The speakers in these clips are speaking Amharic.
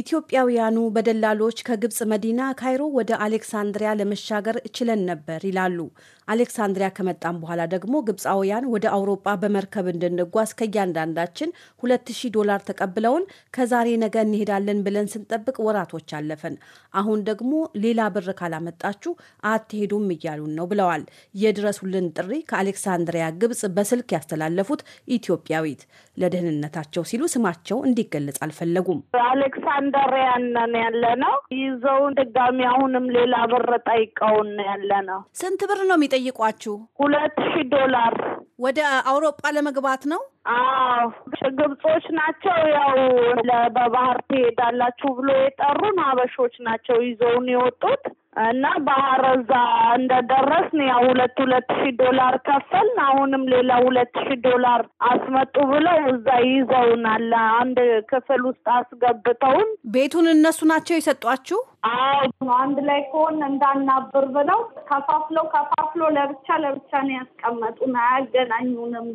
ኢትዮጵያውያኑ በደላሎች ከግብፅ መዲና ካይሮ ወደ አሌክሳንድሪያ ለመሻገር ችለን ነበር ይላሉ። አሌክሳንድሪያ ከመጣም በኋላ ደግሞ ግብፃውያን ወደ አውሮጳ በመርከብ እንድንጓዝ ከእያንዳንዳችን 2000 ዶላር ተቀብለውን ከዛሬ ነገ እንሄዳለን ብለን ስንጠብቅ ወራቶች አለፈን። አሁን ደግሞ ሌላ ብር ካላመጣችሁ አትሄዱም እያሉን ነው ብለዋል። የድረሱልን ጥሪ ከአሌክሳንድሪያ ግብፅ በስልክ ያስተላለፉት ኢትዮጵያዊት ለደህንነታቸው ሲሉ ስማቸው እንዲገለጽ አልፈለጉም። ማንደሪያን ያለ ነው። ይዘውን ድጋሚ አሁንም ሌላ ብር ጠይቀውን ያለ ነው። ስንት ብር ነው የሚጠይቋችሁ? ሁለት ሺህ ዶላር ወደ አውሮፓ ለመግባት ነው። አዎ ግብጾች ናቸው። ያው በባህር ትሄዳላችሁ ብሎ የጠሩን ሀበሾች ናቸው ይዘውን የወጡት እና ባህረዛ እንደደረስን ያው ሁለት ሁለት ሺህ ዶላር ከፈልን። አሁንም ሌላ ሁለት ሺህ ዶላር አስመጡ ብለው እዛ ይዘውናል። አንድ ክፍል ውስጥ አስገብተውን ቤቱን እነሱ ናቸው የሰጧችሁ? አንድ ላይ ከሆን እንዳናብር ብለው ከፋፍለው ከፋፍሎ ለብቻ ለብቻ ነው ያስቀመጡን። አያገናኙንም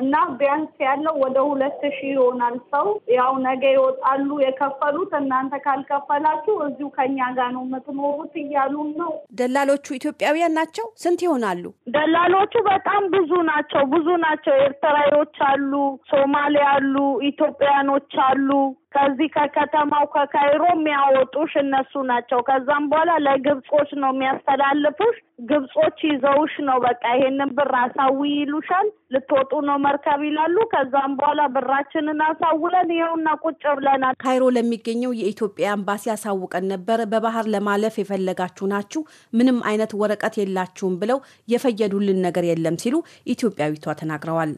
እና ቢያንስ ያለው ወደ ሁለት ሺህ ይሆናል ሰው። ያው ነገ ይወጣሉ የከፈሉት። እናንተ ካልከፈላችሁ እዚሁ ከኛ ጋር ነው የምትኖሩት እያሉን ነው። ደላሎቹ ኢትዮጵያውያን ናቸው። ስንት ይሆናሉ? ደላሎቹ በጣም ብዙ ናቸው፣ ብዙ ናቸው። ኤርትራዎች አሉ፣ ሶማሌ አሉ፣ ኢትዮጵያኖች አሉ ከዚህ ከከተማው ከካይሮ የሚያወጡሽ እነሱ ናቸው። ከዛም በኋላ ለግብጾች ነው የሚያስተላልፉሽ። ግብጾች ይዘውሽ ነው በቃ ይሄንን ብር አሳዊ ይሉሻል። ልትወጡ ነው መርከብ ይላሉ። ከዛም በኋላ ብራችንን አሳውለን ይኸውና ቁጭ ብለናል። ካይሮ ለሚገኘው የኢትዮጵያ ኤምባሲ ያሳውቀን ነበር። በባህር ለማለፍ የፈለጋችሁ ናችሁ፣ ምንም አይነት ወረቀት የላችሁም ብለው የፈየዱልን ነገር የለም ሲሉ ኢትዮጵያዊቷ ተናግረዋል።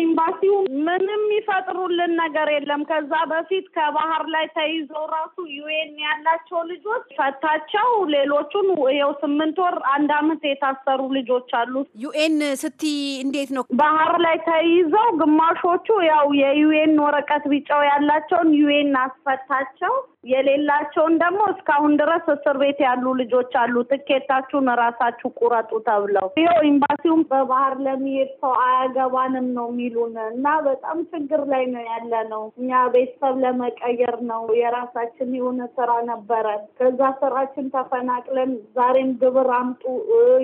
ኤምባሲው ምንም ይፈጥሩልን ነገር የለም። ከዛ በፊት ከባህር ላይ ተይዘው ራሱ ዩኤን ያላቸው ልጆች ፈታቸው። ሌሎቹን ይኸው ስምንት ወር አንድ አመት የታሰሩ ልጆች አሉ። ዩኤን ስቲ እንዴት ነው ባህር ላይ ተይዘው ግማሾቹ ያው የዩኤን ወረቀት ቢጫው ያላቸውን ዩኤን አስፈታቸው የሌላቸውን ደግሞ እስካሁን ድረስ እስር ቤት ያሉ ልጆች አሉ። ትኬታችሁን ራሳችሁ ቁረጡ ተብለው ይኸው ኤምባሲውም በባህር ለሚሄድ ሰው አያገባንም ነው የሚ የሚሉን እና በጣም ችግር ላይ ነው ያለ ነው። እኛ ቤተሰብ ለመቀየር ነው የራሳችን የሆነ ስራ ነበረን። ከዛ ስራችን ተፈናቅለን ዛሬም ግብር አምጡ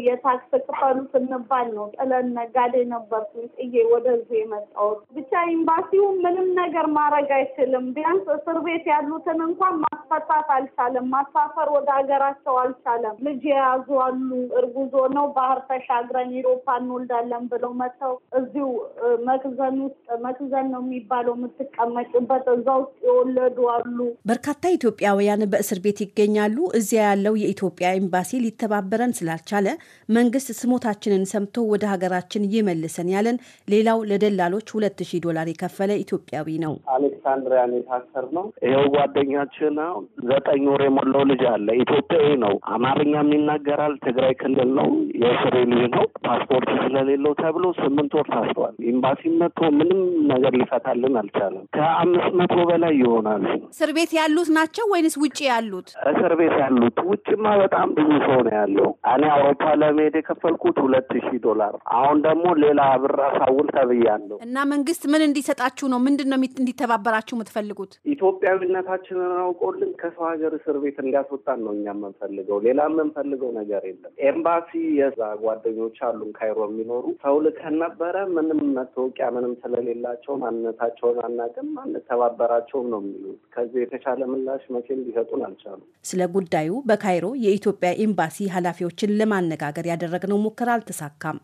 የታክስ ክፈሉ ስንባል ነው ጥለን ነጋዴ ነበርኩኝ ጥዬ ወደዚህ የመጣሁት። ብቻ ኤምባሲው ምንም ነገር ማድረግ አይችልም። ቢያንስ እስር ቤት ያሉትን እንኳን ማስፈታት አልቻለም። ማሳፈር ወደ ሀገራቸው አልቻለም። ልጅ የያዙ አሉ። እርጉዞ ነው ባህር ተሻግረን ኢሮፓ እንወልዳለን ብለው መተው እዚሁ መክዘን ውስጥ መክዘን ነው የሚባለው የምትቀመጭበት እዛ ውስጥ የወለዱ አሉ። በርካታ ኢትዮጵያውያን በእስር ቤት ይገኛሉ። እዚያ ያለው የኢትዮጵያ ኤምባሲ ሊተባበረን ስላልቻለ መንግስት ስሞታችንን ሰምቶ ወደ ሀገራችን ይመልሰን ያለን ሌላው ለደላሎች ሁለት ሺህ ዶላር የከፈለ ኢትዮጵያዊ ነው። አሌክሳንድሪያን የታሰር ነው። ይኸው ጓደኛችን ዘጠኝ ወር የሞላው ልጅ አለ። ኢትዮጵያዊ ነው፣ አማርኛም ይናገራል። ትግራይ ክልል ነው፣ የእስሬ ልጅ ነው። ፓስፖርት ስለሌለው ተብሎ ስምንት ወር ታስሯል። ኤምባሲ መጥቶ ምንም ነገር ሊፈታልን አልቻለም። ከአምስት መቶ በላይ ይሆናሉ። እስር ቤት ያሉት ናቸው ወይንስ ውጭ ያሉት? እስር ቤት ያሉት። ውጭማ በጣም ብዙ ሰው ነው ያለው። እኔ አውሮፓ ለመሄድ የከፈልኩት ሁለት ሺህ ዶላር፣ አሁን ደግሞ ሌላ ብር አሳውል ተብያለሁ። እና መንግስት ምን እንዲሰጣችሁ ነው? ምንድን ነው እንዲተባበራችሁ የምትፈልጉት? ኢትዮጵያዊነታችንን አውቆልን ማንም ከሰው ሀገር እስር ቤት እንዲያስወጣን ነው እኛ የምንፈልገው። ሌላ የምንፈልገው ነገር የለም። ኤምባሲ የዛ ጓደኞች አሉን ካይሮ የሚኖሩ ሰው ልከን ነበረ። ምንም መታወቂያ ምንም ስለሌላቸው ማንነታቸውን አናውቅም፣ አንተባበራቸውም ነው የሚሉት። ከዚህ የተሻለ ምላሽ መቼም ሊሰጡን አልቻሉ ስለ ጉዳዩ በካይሮ የኢትዮጵያ ኤምባሲ ኃላፊዎችን ለማነጋገር ያደረግነው ሙከራ አልተሳካም።